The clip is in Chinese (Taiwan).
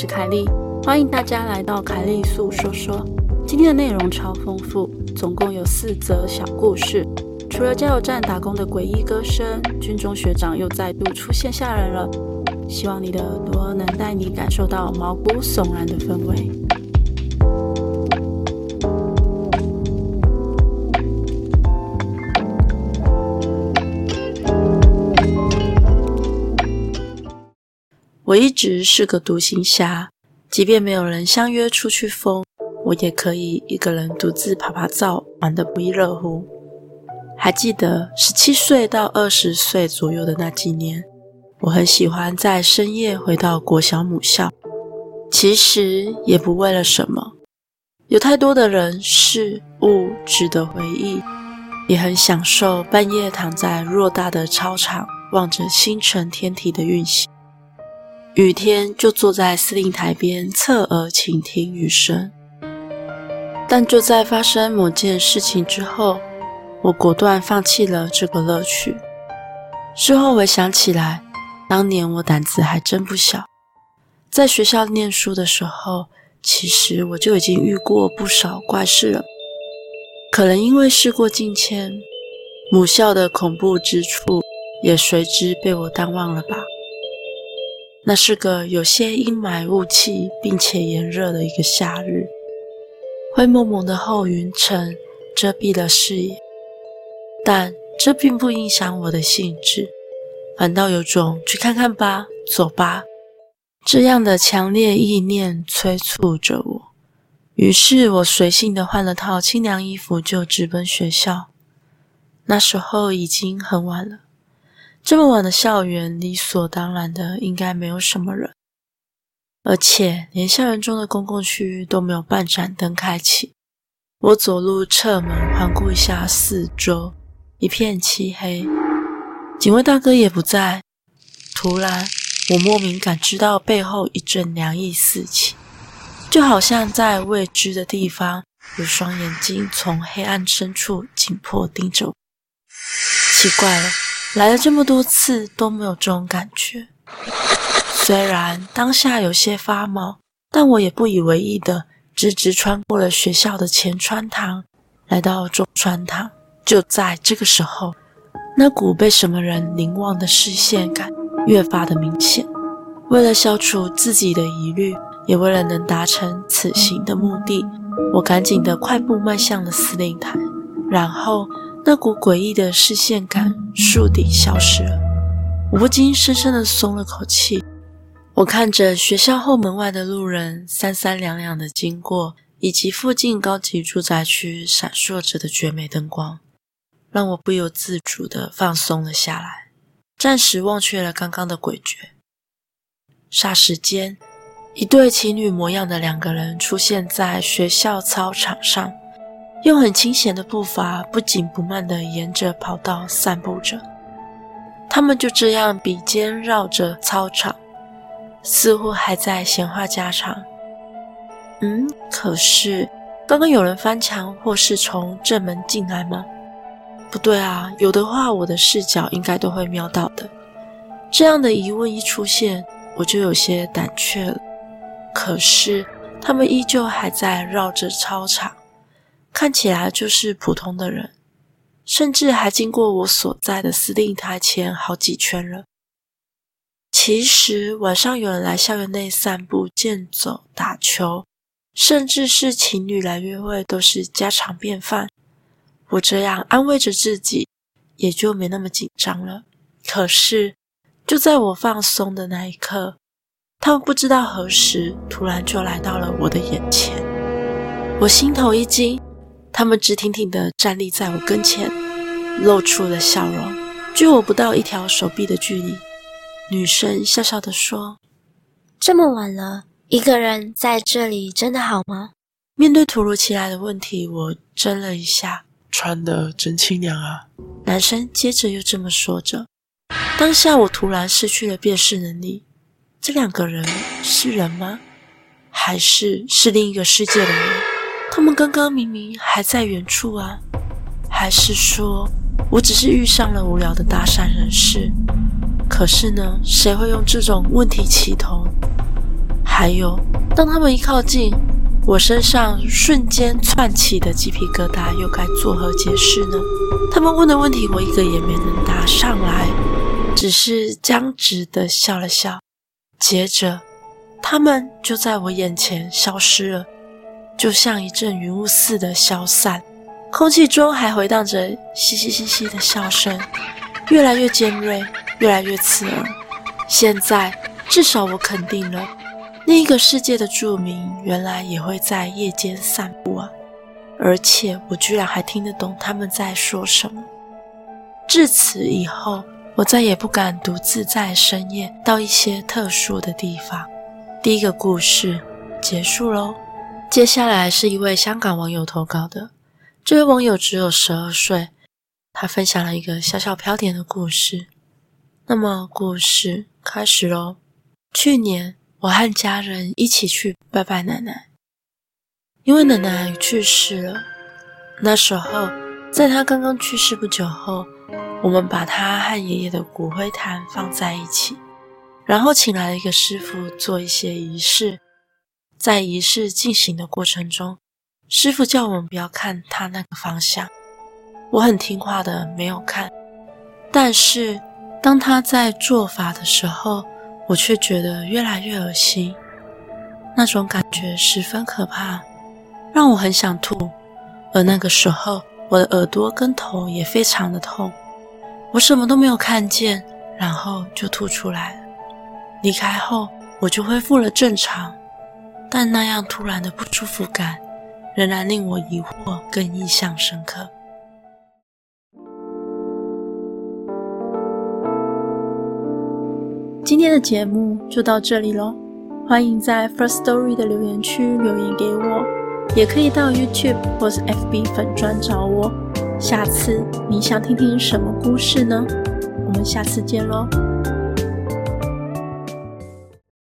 我是凱莉，歡迎大家來到凱莉粟說說。今天的內容超豐富，總共有四則小故事。除了加油站打工的詭異歌聲，軍中學長又再度出現嚇人了。希望你的耳朵能帶你感受到毛骨悚然的氛圍。我一直是個獨行俠，即便沒有人相約出去瘋，我也可以一個人獨自趴趴走，玩得不亦樂乎。還記得十七歲到二十歲左右的那幾年，我很喜歡在深夜回到國小母校，其實也不為了什麼，有太多的人事物值得回憶，也很享受半夜躺在偌大的操場，望着星辰天體的運行。雨天就坐在司令台邊，側耳傾聽雨聲。但就在發生某件事情之後，我果斷放棄了這個樂趣。事後回想起來，當年我膽子還真不小。在學校念書的時候，其實我就已經遇過不少怪事了。可能因為事過境遷，母校的恐怖之處也隨之被我淡忘了吧。那是個有些陰霾、霧氣，並且炎熱的一個夏日，灰蒙蒙的厚雲層遮蔽了視野，但這並不影響我的興致，反倒有種去看看吧，走吧，這樣的強烈意念催促着我。於是，我隨性的換了套清涼衣服，就直奔學校。那時候已經很晚了。這麼晚的校園，理所當然的應該沒有什麼人，而且連校園中的公共區域都沒有半盞燈開啟。我走路側門，環顧一下四周，一片漆黑，警衛大哥也不在。突然，我莫名感知到背後一陣涼意四起，就好像在未知的地方有雙眼睛從黑暗深處緊迫盯着我。奇怪了。來了這麼多次都沒有這種感覺，雖然當下有些發毛，但我也不以為意地直直穿過了學校的前穿堂，來到中穿堂。就在這個時候，那股被什麼人凝望的視線感越發的明顯。為了消除自己的疑慮，也為了能達成此行的目的，我趕緊的快步邁向了司令台，然後。那股詭異的視線感，樹頂消失了，我不禁深深地鬆了口氣。我看着學校後門外的路人三三兩兩的經過，以及附近高級住宅區閃爍着的絕美燈光，讓我不由自主地放鬆了下來，暫時忘卻了剛剛的詭譎。霎時間，一對情侶模樣的兩個人出現在學校操場上。用很清閒的步伐，不緊不慢地沿着跑道散步着。他們就這樣比肩繞着操場，似乎還在閒話家常。嗯，可是剛剛有人翻牆或是從正門進來嗎？不對啊，有的話我的視角應該都會瞄到的。這樣的疑問一出現，我就有些膽怯了。可是他們依舊還在繞着操場。看起來就是普通的人，甚至還經過我所在的司令台前好幾圈了。其實晚上有人來校園內散步、健走、打球，甚至是情侶來約會，都是家常便飯。我這樣安慰着自己，也就沒那麼緊張了。可是，就在我放鬆的那一刻，他們不知道何時突然就來到了我的眼前。我心頭一驚。他們直挺挺地站立在我跟前，露出了笑容，距我不到一條手臂的距離。女生笑笑地說：“這麼晚了，一個人在這裡真的好嗎？”面對突如其來的問題，我怔了一下。穿的真清涼啊！男生接着又這麼說着。當下我突然失去了辨識能力。這兩個人是人嗎？還是是另一個世界的人？他們剛剛明明還在遠處啊，還是說，我只是遇上了無聊的搭訕人士？可是呢，誰會用這種問題起頭？還有，當他們一靠近，我身上瞬間竄起的雞皮疙瘩又該作何解釋呢？他們問的問題，我一個也沒能答上來，只是僵直的笑了笑，接着，他們就在我眼前消失了。就像一陣雲霧似的消散，空氣中還回盪着嘻嘻嘻嘻嘻的笑聲，越來越尖銳，越來越刺耳。現在至少我肯定了，另一個世界的住民原來也會在夜間散步啊！而且我居然還聽得懂他們在說什麼。至此以後，我再也不敢獨自在深夜到一些特殊的地方。第一個故事結束嘍。接下來是一位香港網友投稿的，這位網友只有十二歲，他分享了一個小小飄點的故事。那麼故事開始咯。去年我和家人一起去拜拜奶奶，因為奶奶去世了。那時候在她剛剛去世不久後，我們把她和爺爺的骨灰罈放在一起，然後請來了一個師傅做一些儀式。在儀式進行的過程中，師傅叫我們不要看他那個方向，我很聽話的沒有看。但是當他在做法的時候，我卻覺得越來越噁心，那種感覺十分可怕，讓我很想吐。而那個時候，我的耳朵跟頭也非常的痛，我什麼都沒有看見，然後就吐出來。離開後，我就恢復了正常。但那樣突然的不舒服感，仍然令我疑惑，更印象深刻。今天的節目就到這裡嘍，歡迎在 First Story 的留言區留言給我，也可以到 YouTube 或是 FB 粉專找我。下次你想聽聽什麼故事呢？我們下次見嘍。